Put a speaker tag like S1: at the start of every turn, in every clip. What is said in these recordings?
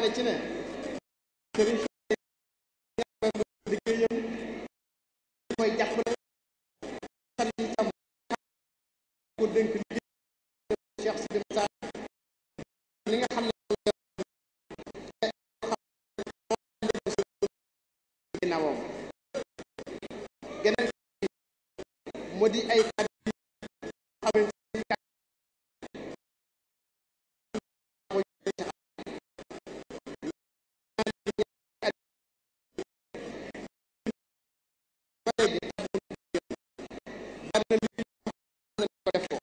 S1: ne ci ne sëriñ liggéeyam mooy ko dénk liggéey geneen moo di ay kàddu doy bi taxul bari na li ñu ko def ko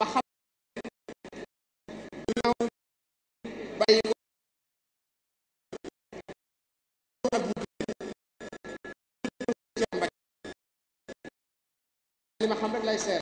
S1: ma xam ginnaaw bàyyi ko ab li ma xam rek lay seer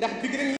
S1: ndax digg rek